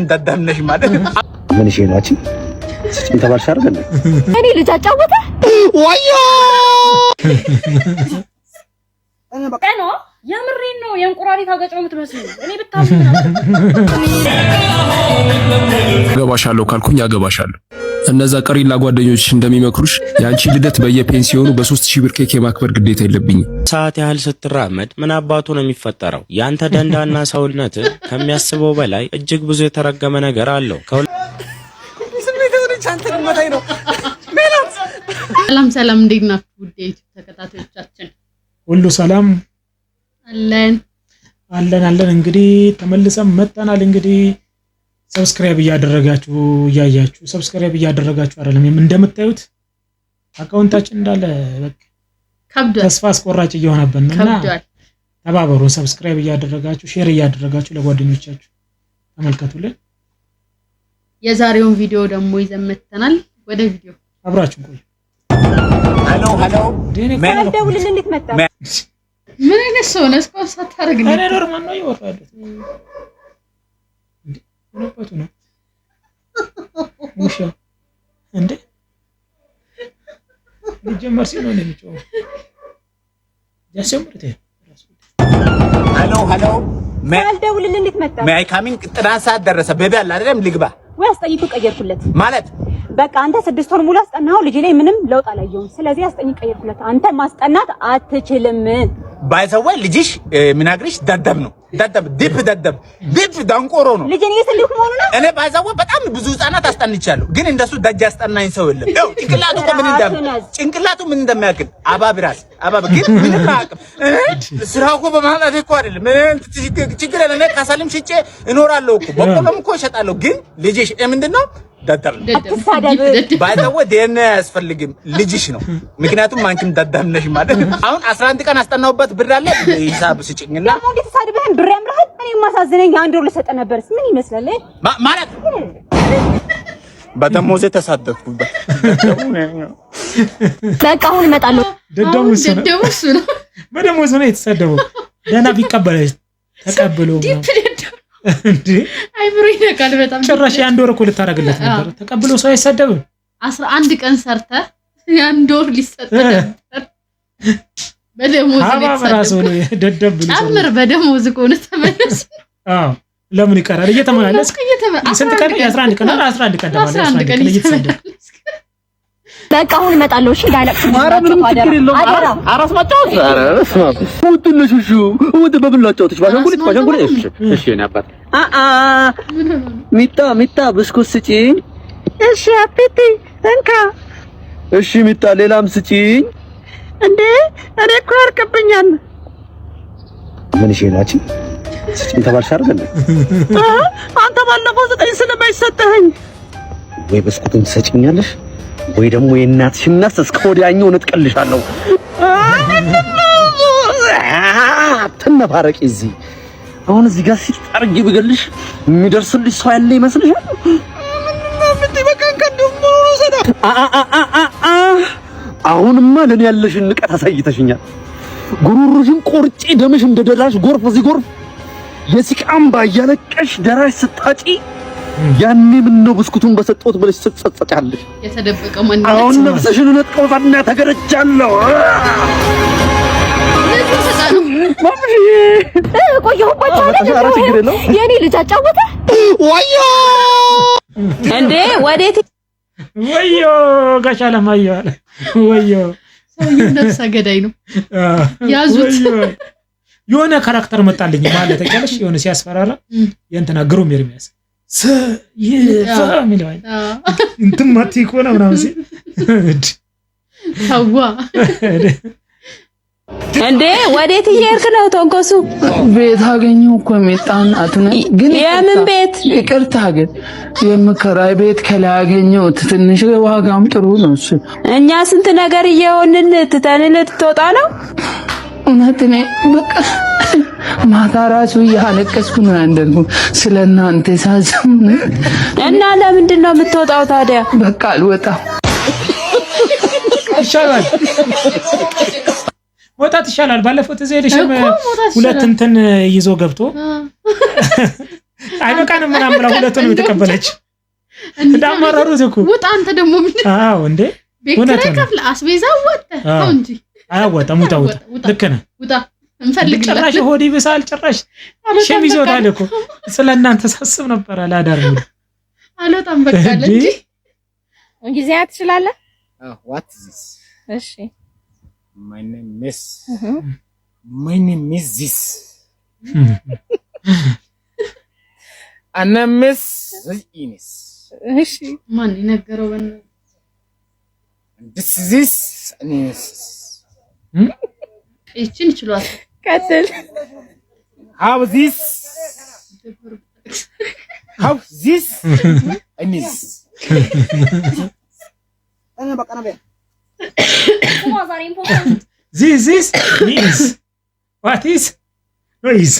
እንዳዳምነሽ ማለት ምን እሺ ናችን ተባልሽ አይደል? እኔ ልጅ አጫወተ ወዮ ቀኖ የምሬን ነው። የእንቁራሪት አገጭ ነው የምትመስለው። እኔ ብታምኝ አገባሻለሁ ካልኩኝ አገባሻለሁ። እነዛ ቀሪላ ጓደኞች እንደሚመክሩሽ የአንቺ ልደት በየፔንሲዮኑ በሶስት ሺህ ብር ኬክ የማክበር ግዴታ የለብኝም። ሰዓት ያህል ስትራመድ ምን አባቱ ነው የሚፈጠረው? የአንተ ደንዳና ሰውነት ከሚያስበው በላይ እጅግ ብዙ የተረገመ ነገር አለው። ሰላም ሰላም፣ እንዴት ናችሁ? ተከታታዮቻችን ሁሉ ሰላም አለን አለን አለን። እንግዲህ ተመልሰን መጥተናል። እንግዲህ ሰብስክራይብ እያደረጋችሁ እያያችሁ ሰብስክራይብ እያደረጋችሁ አይደለም እንደምታዩት አካውንታችን እንዳለ በቃ ተስፋ አስቆራጭ እየሆነብን ነው እና ተባበሩን። ሰብስክራይብ እያደረጋችሁ ሼር እያደረጋችሁ ለጓደኞቻችሁ ተመልከቱልን። የዛሬውን ቪዲዮ ደግሞ ይዘን መጥተናል። ወደ ቪዲዮ አብራችሁ ቆዩ። ምን አይነት ሰው ነው? እስካሁን ሳታደርግ ነው። እኔ ነው እያወራሁ ያለሁት መርሲ ነው የሚጮኸው። ሄሎ ሄሎ አልደውልልህ እንዴት መጣ? ማይ ካሚንግ ጥናት ሰዓት ደረሰ። ቤቢ አለ አይደለም ልግባ ወይ አስጠይቱ ቀየርኩለት ማለት በቃ አንተ ስድስት ወር ሙሉ አስጠናኸው ልጅ ላይ ምንም ለውጥ አላየሁም። ስለዚህ አስጠኝ ቀየርኩለት። አንተ ማስጠናት አትችልም። ባይዘወይ ልጅሽ ምናግሪሽ ደደብ ነው ደደብ ዲፕ ደደብ ዲፕ ደንቆሮ ነው። እኔ ባይዛው በጣም ብዙ ህጻናት አስጠንቻለሁ፣ ግን እንደሱ ደጅ አስጠናኝ ሰው የለም። ያው ጭንቅላቱ ምን እንደም ጭንቅላቱ ምን እንደሚያክል አባብ ራስ አባብ ግን ምን ታቅም ስራው እኮ በማለት እኮ አይደለም ችግር ለኔ ካሳልም ሽጬ እኖራለሁ እኮ በቆሎም እኮ እሸጣለሁ። ግን ልጅሽ ምንድነው ደደብ ባይተወ ዲኤንኤ አያስፈልግም ልጅሽ ነው። ምክንያቱም አንቺም ደደብ ነሽ ማለት ነው። አሁን 11 ቀን አስጠናውበት ብር አለ ሂሳብ ስጭኝና ደግሞ እንዴት ሳድብህን ብር ያምራል። እኔ ማሳዝነኝ አንድ ወር ልሰጠ ነበርስ ምን ይመስላል ማለት በደሞዜ ተሳደብኩበት። በቃ አሁን እመጣለሁ። ደደሙ እሱ ነው። በደሞዝ ነው የተሳደበው። ደህና ቢቀበለች ተቀብሎ አይምሮ ይነቃል በጣም ጭራሽ የአንድ ወር እኮ ልታደርግለት ነበር። ተቀብሎ ሰው አይሳደብም። አስራ አንድ ቀን ሰርተ የአንድ ወር ሊሰጥ ነበር። በደሞዝ ከሆነ ተመለስ። ለምን ይቀራል? እየተመላለስ ስንት ቀን? አስራ አንድ ቀን እየተመላለስክ በቃ አሁን እመጣለሁ። እሺ ዳለቅ ማራ ምንም ችግር የለውም። አራ አራስ ሚጣ ሚጣ ብስኩት ስጪኝ። እሺ አፒቲ እንካ። እሺ ሚጣ ሌላም ስጪኝ። እንዴ እኔ እኮ ያርቅብኛል። ምን እሺ ናችን ስጪኝ ተባልሽ አይደል? አንተ ባለፈው ዘጠኝ ስለማይሰጠኝ ወይ ብስኩቱን ትሰጪኛለሽ? ወይ ደግሞ የእናትሽን ነፍስ እስከ ወዲያኛው እነጥቀልሻለሁ። አትነፋረቂ። እዚህ አሁን እዚህ ጋር ሲጠርጊ ብገልሽ የሚደርስልሽ ሰው ያለ ይመስልሻል? አሁንማ ለኔ ያለሽን ንቀት አሳይተሽኛል። ጉሩሩሽን ቆርጬ ደምሽ እንደደራሽ ጎርፍ እዚህ ጎርፍ የሲቃምባ እያለቀሽ ደራሽ ስታጪ ያኔ ምን ነው ብስኩቱን በሰጠሁት ብለሽ ስትጸጸጫለሽ። የተደበቀው ማን አሁን ነፍስሽን ነጥቀውና ተገረጃለሁ። የኔ ልጅ አጫወተ ወዮ እንዴ! ወዴት ወዮ ጋሻ ለማየሁ ወዮ። ሰውዬው ነፍሰ ገዳይ ነው ያዙት። የሆነ ካራክተር መጣልኝ ማለት የሆነ ሲያስፈራራ የእንትና ግሩም ኤርሚያስ እንትን ማት ከሆነ ምናምን ሲል እንዴ ወዴት እየሄድክ ነው? ተንኮሱ ቤት አገኘው እኮ ሜጣን አትነ ግን የምን ቤት ይቅርታ፣ ግን የምከራይ ቤት ከላይ አገኘሁት። ትንሽ ዋጋም ጥሩ ነው እሱ። እኛ ስንት ነገር እየሆንን ትተንልህ ትወጣ ነው እውነት እኔ በቃ ማታ ራሱ እያለቀስኩ ነው ያደርጉ ስለ እናንተ ሳዝም እና ለምንድን ነው የምትወጣው ታዲያ? በቃ አልወጣም ይሻላል፣ መውጣት ይሻላል። ባለፈው እዚህ ሄደሽ ሁለት እንትን ይዞ ገብቶ አይበቃንም ምናምን ብላ ሁለቱን የተቀበለች እንዳማራሩት እኮ ውጣ አንተ ደግሞ ምን? አዎ እንዴ ቤት ኪራይ ከፍለህ አስቤዛ ወጥተህ እንጂ አያዋጣም። ውጣ ውጣ፣ ልክ ነህ። ጭራሽ ሆዴ ይብሳል። ጭራሽ ሸሚዝ ይዞታል እኮ ስለ እናንተ ሳስብ ነበር። አላዳር ነው አልወጣም። በቃ ለጂ እንግሊዝ ትችላለህ። ዋት ዚስ እሺ ማን የነገረው ይችን ችሏት ቀጥል ሀው ዚስ ሀው ዚስ እኒስ ዚስ ዚስ ዋት ኢዝ ኖይዝ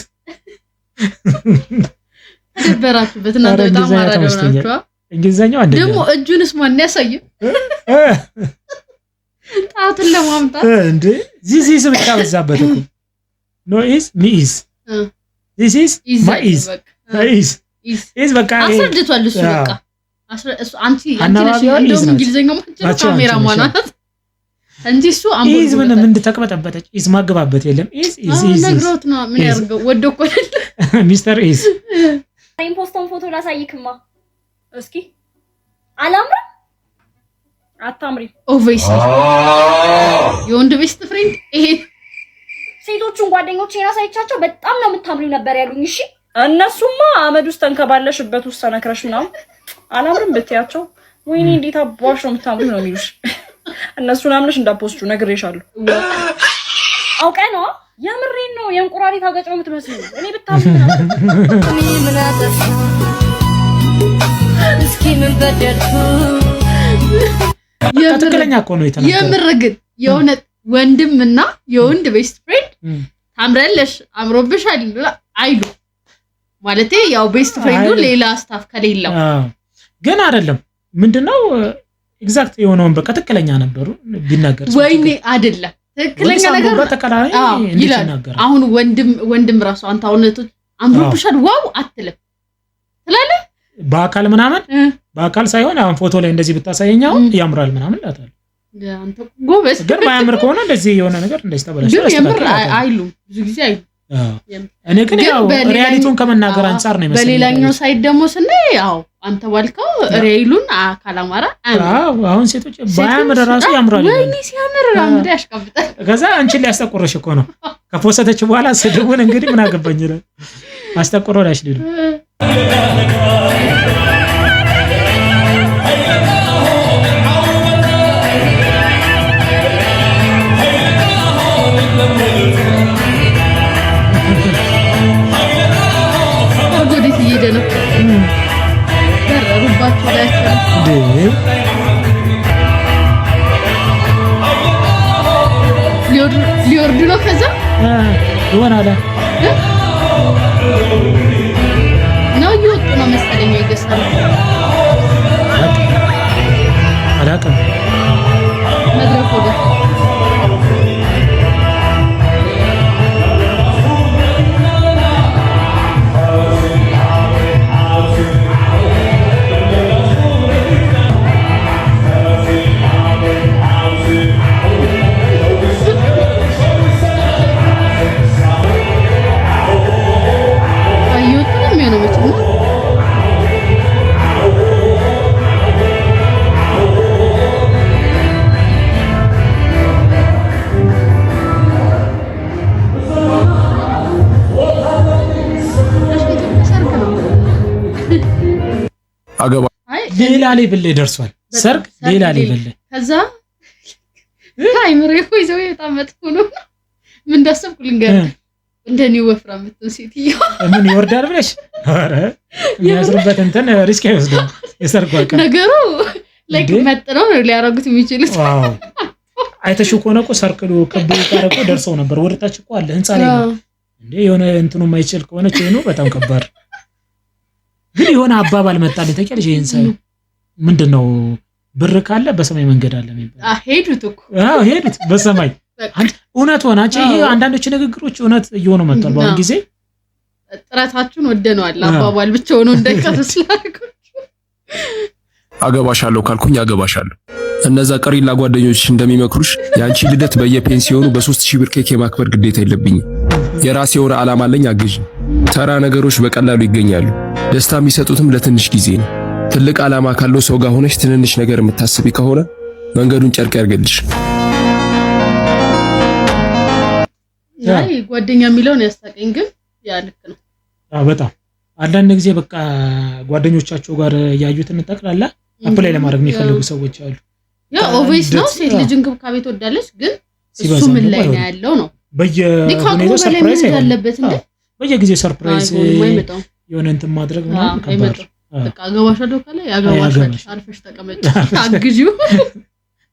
ተደበራችሁበት እናንተ በጣም አራዳ እንግሊዝኛው አንደኛ ደግሞ እጁንስ ማን ያሳየ ጣቱን ለማምጣት እንዴ ዚስ ኢዝ ብቻ በዛበት እኮ ኖ ኢዝ ሚ ኢዝ ዚስ ኢዝ ማይ ኢዝ ኢዝ ኢዝ በቃ አስረድቷል። እሱ በቃ ሚስተር ኢዝ ኢምፖስቶን ፎቶ ላሳይክማ እስኪ አላምርም አታምሪ ኦቨይሲ የወንድ ቤስት ፍሬንድ ይሄ ሴቶቹን ጓደኞቼን አሳይቻቸው በጣም ነው የምታምሪው ነበር ያሉኝ። እሺ እነሱማ አመድ ውስጥ ተንከባለሽበት ውስጥ ተነክረሽ ምናምን አላምርም ብትያቸው ወይኔ እንዴት አባሽ ነው የምታምሪው ነው የሚሉሽ። እነሱን አምነሽ እንዳፖስቹ ነግሬሻለሁ። አውቀ ነው የምሬን ነው የእንቁራሪት አገጭ ነው የምትመስለው። እኔ ብታምሪ ምን አጠፋ እስኪ ምን በደልኩ ትክክለኛ እኮ ነው የተናገረው። የምር ግን የእውነት ወንድም እና የወንድ ቤስት ፍሬንድ ታምረለሽ፣ አምሮብሻል አይሉ ማለት ያው ቤስት ፍሬንዱ ሌላ ስታፍ ከሌለው ግን አይደለም ምንድነው ኤግዛክት የሆነውን በቃ ትክክለኛ ነበሩ ቢናገር ወይኔ አይደለም ትክክለኛ አሁን ወንድም ወንድም ራሱ አንተ አሁን አምሮብሻል ዋው አትልም ትላለህ። በአካል ምናምን በአካል ሳይሆን አሁን ፎቶ ላይ እንደዚህ ብታሳየኛው ያምራል ምናምን ላታል ጎበዝ ግን ማያምር ከሆነ እንደዚህ የሆነ ነገር እንደዚህ እኔ ግን ያው ሪያሊቲውን ከመናገር አንጻር ነው ይመስለኛል። በሌላኛው ሳይድ ደግሞ ስናይ ያው አንተ ባልከው ሪያሊቲውን ካላማራ አሁን ሴቶች ባያምር ራሱ ያምራል። ወይኔ ሲያምር አምድ ያሽቀብጣል። ከዛ አንቺን ሊያስጠቁረሽ እኮ ነው ከፖሰተች በኋላ ስድቡን እንግዲህ ምን አገባኝ ይላል። አስጠቆረው ላሽ ሊሉ እየሄደ ነው። ሊወርዱ ነው። ከዛ ይሆናል ነው እየወጡ ነው መሰለኝ ይገሳሉ ሌቭል ላይ ደርሷል። ሰርግ ሌላ ሌቭል ላይ ከዛ ታይምሬ እኮ ይዘው በጣም መጥፎ ነው። ምን እንዳሰብኩ ልንገርህ፣ እንደኔ ወፍራ የምትሆን ሴትዮ ምን ይወርዳል ብለሽ ኧረ የሚያስሩበት እንትን ሪስክ አይወስድም። የሰርጉ ቀን ነገሩ ላይክ መጥነው ነው ሊያረጉት የሚችሉት። አይተሽ ከሆነ እኮ ሰርክሉ ከብ ታረቁ ደርሰው ነበር። ወደታች እኮ አለ ህንፃ ላይ ነው እንዴ የሆነ እንትኑ የማይችል ከሆነ ቼኑ በጣም ከባድ ግን የሆነ አባባል መጣልኝ ታውቂያለሽ ይሄን ሰው ምንድን ነው ብር ካለ በሰማይ መንገድ አለ የሚባለው። ሄዱት በሰማይ እውነት ሆናቸው። ይሄ አንዳንዶች ንግግሮች እውነት እየሆኑ መጥቷል በአሁኑ ጊዜ። ጥረታችሁን ወደነዋል አባባል ብቻ ሆኖ እንዳይቀርላችሁ። አገባሻለሁ ካልኩኝ አገባሻለሁ። እነዛ ቀሪላ ጓደኞች እንደሚመክሩሽ የአንቺ ልደት በየፔንሲዮኑ በሶስት ሺህ ብር ኬክ የማክበር ግዴታ የለብኝም። የራሴ የሆነ ዓላማ አለኝ። አግዥ። ተራ ነገሮች በቀላሉ ይገኛሉ። ደስታ የሚሰጡትም ለትንሽ ጊዜ ነው። ትልቅ ዓላማ ካለው ሰው ጋር ሆነሽ ትንንሽ ነገር የምታስቢ ከሆነ መንገዱን ጨርቅ ያርግልሽ። ጓደኛ የሚለውን ያስታቀኝ፣ ግን ያ ልክ ነው። በጣም አንዳንድ ጊዜ በቃ ጓደኞቻቸው ጋር ያዩትን ጠቅላላ ላይ ለማድረግ የሚፈልጉ ሰዎች አሉ። ያ ኦልዌይስ ነው። ሴት ልጅ እንክብካቤ ትወዳለች፣ ግን እሱ ምን ላይ ነው ያለው ነው በየሁኔታው ሰርፕራይዝ ያለበት እንዴ በየጊዜው ሰርፕራይዝ የሆነ እንትን ማድረግ ምናምን ከባድ በቃ አገባሻለሁ አርፈሽ ተቀመጭ፣ አግዢው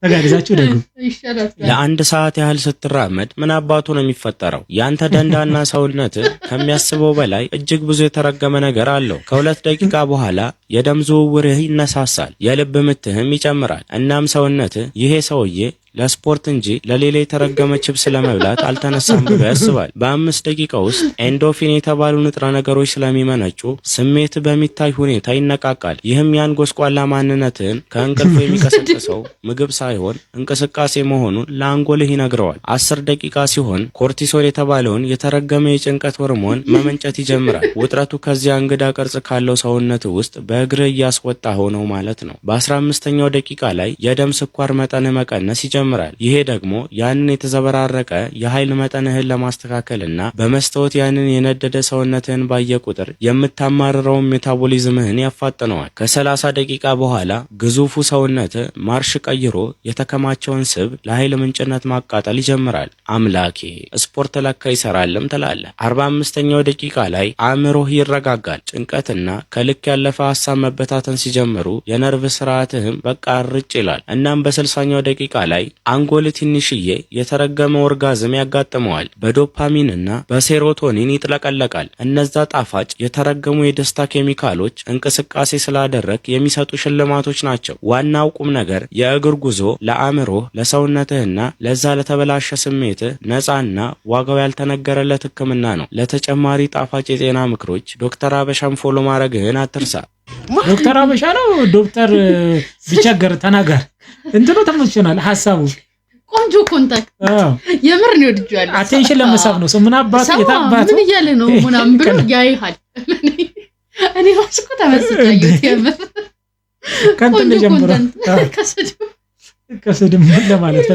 ተጋግዛችሁ ደግሞ ለአንድ ሰዓት ያህል ስትራመድ ምን አባቱ ነው የሚፈጠረው? ያንተ ደንዳና ሰውነት ከሚያስበው በላይ እጅግ ብዙ የተረገመ ነገር አለው። ከሁለት ደቂቃ በኋላ የደም ዝውውርህ ይነሳሳል፣ የልብ ምትህም ይጨምራል። እናም ሰውነት ይሄ ሰውዬ ለስፖርት እንጂ ለሌላ የተረገመ ችብስ ለመብላት አልተነሳም ብሎ ያስባል። በአምስት ደቂቃ ውስጥ ኤንዶፊን የተባሉ ንጥረ ነገሮች ስለሚመነጩ ስሜት በሚታይ ሁኔታ ይነቃቃል። ይህም ያን ጎስቋላ ማንነትህን ከእንቅልፉ የሚቀሰቅሰው ምግብ ሳይሆን እንቅስቃሴ መሆኑን ለአንጎልህ ይነግረዋል። አስር ደቂቃ ሲሆን ኮርቲሶል የተባለውን የተረገመ የጭንቀት ሆርሞን መመንጨት ይጀምራል። ውጥረቱ ከዚያ እንግዳ ቅርጽ ካለው ሰውነት ውስጥ በእግርህ እያስወጣ ሆነው ማለት ነው። በአስራ አምስተኛው ደቂቃ ላይ የደም ስኳር መጠን መቀነስ ይጀምራል። ይጨምራል። ይሄ ደግሞ ያንን የተዘበራረቀ የኃይል መጠንህን ለማስተካከልና በመስታወት ያንን የነደደ ሰውነትህን ባየ ቁጥር የምታማርረውን ሜታቦሊዝምህን ያፋጥነዋል። ከ30 ደቂቃ በኋላ ግዙፉ ሰውነት ማርሽ ቀይሮ የተከማቸውን ስብ ለኃይል ምንጭነት ማቃጠል ይጀምራል። አምላኬ ስፖርት ለካ ይሰራልም ትላለ። 45 45ኛው ደቂቃ ላይ አእምሮህ ይረጋጋል። ጭንቀትና ከልክ ያለፈ ሀሳብ መበታተን ሲጀምሩ የነርቭ ስርዓትህም በቃ ርጭ ይላል። እናም በ60ኛው ደቂቃ ላይ አንጎል ትንሽዬ የተረገመ ኦርጋዝም ያጋጥመዋል። በዶፓሚን እና በሴሮቶኒን ይጥለቀለቃል። እነዛ ጣፋጭ የተረገሙ የደስታ ኬሚካሎች እንቅስቃሴ ስላደረግ የሚሰጡ ሽልማቶች ናቸው። ዋናው ቁም ነገር የእግር ጉዞ ለአእምሮህ፣ ለሰውነትህና ለዛ ለተበላሸ ስሜትህ ነፃና ዋጋው ያልተነገረለት ሕክምና ነው። ለተጨማሪ ጣፋጭ የጤና ምክሮች ዶክተር አበሻን ፎሎ ማድረግህን አትርሳ። ዶክተር አበሻ ነው። ዶክተር ቢቸገር ተናገር። እንትኑ ተመችቶናል። ሀሳቡ ቆንጆ ኮንታክት፣ የምር ነው ወድጄዋለሁ። አቴንሽን ለመሳብ ነው ምን አባቱ የታባቱ ምን እያለ ነው ምናምን ብሎ ያይሃል። እኔ ራሱ እኮ ተመስጫለሁ የምር ከእንትን ለማለት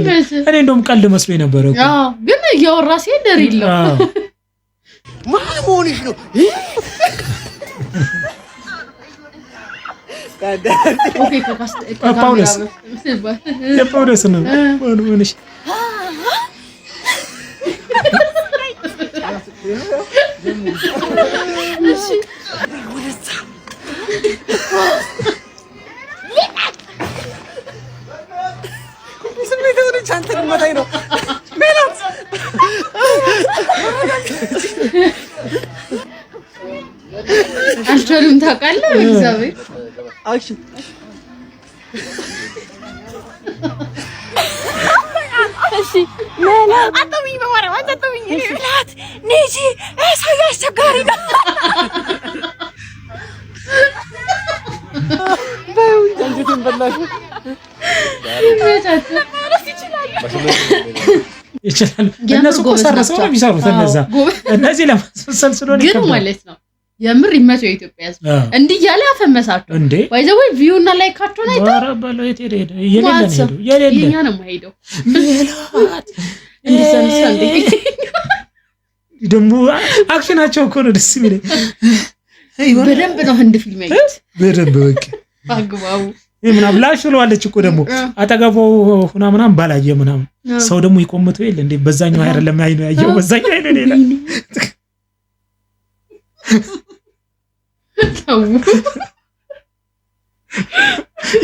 እኔ እንደውም ቀልድ መስሎ የነበረ ግን እያወራ ሲሄድ የለው ምን መሆንሽ ነው ጳውሎስ ነው። አልቻሉም ታውቃለህ። እግዚአብሔር አክሽን አስቸጋሪ ነው። ይችላል እነሱ እኮ ሰርሰው ነው የሚሰሩት። እነዚህ ለማስመሰል ስለሆነ ግን ማለት ነው የምር ይመቸው የኢትዮጵያ ህዝብ እንዲህ እያለ ያፈመሳቸው እንዴ ባይዘ ወይ ቪው እና ላይ ነው አይታ ነው የማይሄደው ደግሞ አክሽናቸው እኮ ነው ደስ የሚለኝ። በደንብ ነው ህንድ ፊልም ያየሁት በደንብ በቃ አግባቡ ምናም ላሽ ብለዋለች እኮ ደግሞ አጠገቡ ሁና ምናም ባላየ ምናምን ሰው ደግሞ ይቆምቶ የለ እንዴ በዛኛው አይደለም አይ ያየው በዛኛው አይደለም ሌላ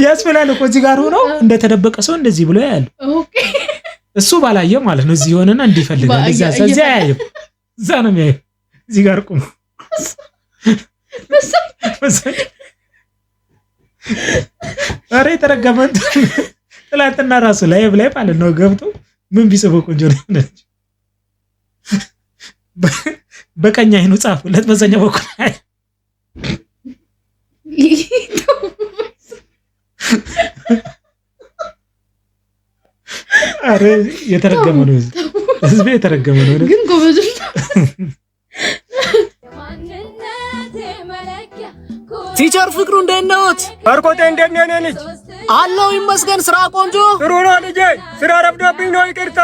ያስፈላል እኮ እዚህ ጋር ሆኖ እንደተደበቀ ሰው እንደዚህ ብሎ ያያል። እሱ ባላየው ማለት ነው። እዚህ የሆነና እንዲፈልጋል እዚያ እዚያ ያየው እዛ ነው የሚያየው። እዚህ ጋር ቁም ኧረ የተረገመ ትላንትና ራሱ ላይ ማለት ነው ገብቶ ምን ቢጽፈው ቆንጆ ነች። በቀኝ አይኑ ጻፉለት በዛኛው በኩል አረ የተረገመ ነው ህዝብ፣ የተረገመ ነው ግን ጎበዞች ቲቸር ፍቅሩ እንዴት ነዎት? በርኮቴ እንዴት ነህ? እኔ ልጅ አለው ይመስገን። ስራ ቆንጆ ጥሩ ነው ልጄ። ስራ ረብዶብኝ ነው ይቅርታ።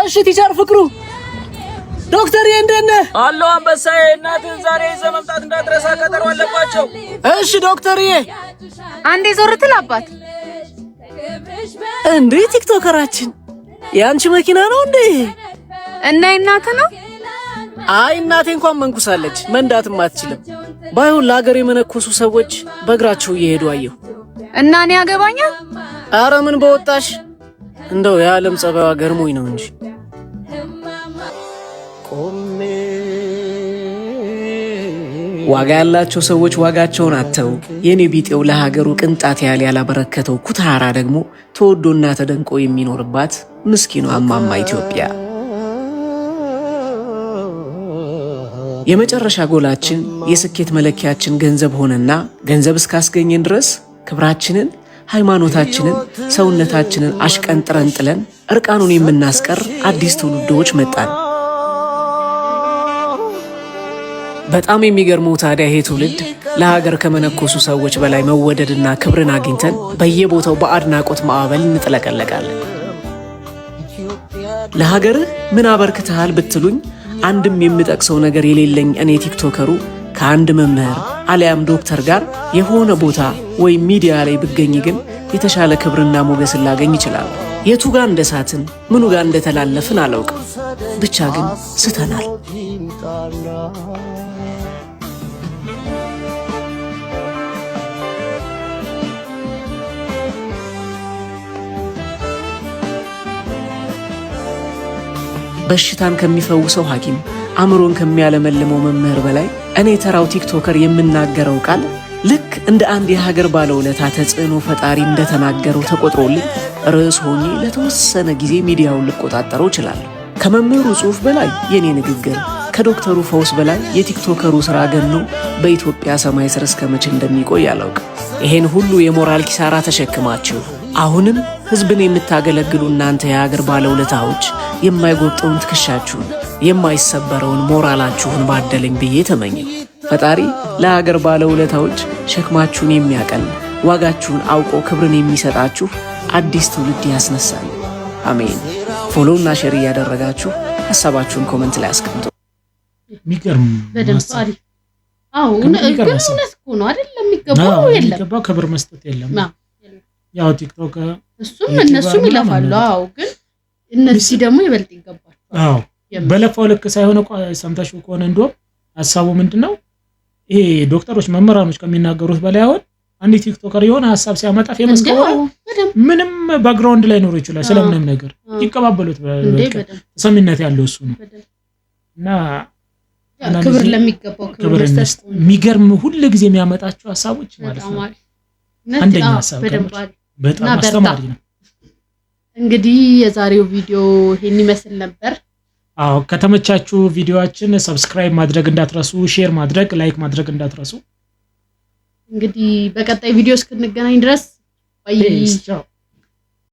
እሺ ቲቸር ፍቅሩ። ዶክተር እንዴት ነህ? አለው አንበሳዬ። እናትህን ዛሬ ይዘህ መምጣት እንዳትረሳ፣ ቀጠሮ አለባቸው። እሺ ዶክተርዬ አንዴ ዞር ትል አባት እንዴ ቲክቶከራችን የአንቺ መኪና ነው እንዴ? እና እናት ነው? አይ እናቴ እንኳን መንኩሳለች፣ መንዳትም አትችልም። ባይሆን ለሀገር የመነኮሱ ሰዎች በእግራቸው እየሄዱ አየሁ እና እኔ ያገባኛል። አረ ምን በወጣሽ እንደው የዓለም ጸባይዋ ገርሞኝ ነው እንጂ ቆሜ ዋጋ ያላቸው ሰዎች ዋጋቸውን አተው የኔ ቢጤው ለሀገሩ ቅንጣት ያህል ያላበረከተው ኩታራ ደግሞ ተወዶና ተደንቆ የሚኖርባት ምስኪኑ አማማ ኢትዮጵያ። የመጨረሻ ጎላችን የስኬት መለኪያችን ገንዘብ ሆነና ገንዘብ እስካስገኘን ድረስ ክብራችንን፣ ሃይማኖታችንን፣ ሰውነታችንን አሽቀንጥረን ጥለን እርቃኑን የምናስቀር አዲስ ትውልዶች መጣን። በጣም የሚገርመው ታዲያ ይሄ ትውልድ ለሀገር ከመነኮሱ ሰዎች በላይ መወደድና ክብርን አግኝተን በየቦታው በአድናቆት ማዕበል እንጥለቀለቃለን። ለሀገርህ ምን አበርክተሃል ብትሉኝ አንድም የምጠቅሰው ነገር የሌለኝ እኔ ቲክቶከሩ ከአንድ መምህር አሊያም ዶክተር ጋር የሆነ ቦታ ወይም ሚዲያ ላይ ብገኝ ግን የተሻለ ክብርና ሞገስን ላገኝ ይችላል። የቱ ጋር እንደሳትን ምኑ ጋር እንደተላለፍን አላውቅም፣ ብቻ ግን ስተናል። በሽታን ከሚፈውሰው ሐኪም፣ አእምሮን ከሚያለመልመው መምህር በላይ እኔ ተራው ቲክቶከር የምናገረው ቃል ልክ እንደ አንድ የሀገር ባለውለታ ተጽዕኖ ፈጣሪ እንደተናገረው ተቆጥሮልኝ ርዕስ ሆኜ ለተወሰነ ጊዜ ሚዲያውን ልቆጣጠረው እችላለሁ። ከመምህሩ ጽሑፍ በላይ የእኔ ንግግር፣ ከዶክተሩ ፈውስ በላይ የቲክቶከሩ ሥራ ገኖ በኢትዮጵያ ሰማይ ስር እስከ መቼ እንደሚቆይ አላውቅ ይሄን ሁሉ የሞራል ኪሳራ ተሸክማችሁ አሁንም ህዝብን የምታገለግሉ እናንተ የሀገር ባለውለታዎች የማይጎብጠውን ትከሻችሁን የማይሰበረውን ሞራላችሁን ባደለኝ ብዬ ተመኘው። ፈጣሪ ለሀገር ባለውለታዎች ሸክማችሁን የሚያቀል ዋጋችሁን አውቆ ክብርን የሚሰጣችሁ አዲስ ትውልድ ያስነሳል። አሜን። ፎሎውና ሸር እያደረጋችሁ ሀሳባችሁን ኮመንት ላይ አስቀምጡ። ሚገርም አዎ፣ እውነት ነው አይደለም? የሚገባው የለም ክብር መስጠት የለም ያው ቲክቶክ እሱም እነሱም ይለፋሉ። አዎ፣ ግን እነዚህ ደግሞ ይበልጥ ይገባቸዋል። አዎ፣ በለፋው ልክ ሳይሆን ሰምታችሁ ከሆነ እንደውም ሀሳቡ ምንድን ነው? ይሄ ዶክተሮች መምህራኖች ከሚናገሩት በላይ አሁን አንድ ቲክቶከር የሆነ ሀሳብ ሲያመጣ ፌመስ ከሆነ ምንም ባክግራውንድ ላይ ኖሮ ይችላል ስለምንም ነገር ይቀባበሉት ተሰሚነት ያለው እሱ ነው እና ክብር ለሚገባው ክብር የሚገርም ሁል ጊዜ የሚያመጣቸው ሀሳቦች ማለት ነው። አንደኛ ሀሳብ በጣም አስተማሪ ነው። እንግዲህ የዛሬው ቪዲዮ ይሄን ይመስል ነበር። አዎ ከተመቻችሁ ቪዲዮአችን ሰብስክራይብ ማድረግ እንዳትረሱ፣ ሼር ማድረግ፣ ላይክ ማድረግ እንዳትረሱ። እንግዲህ በቀጣይ ቪዲዮ እስክንገናኝ ድረስ ባይ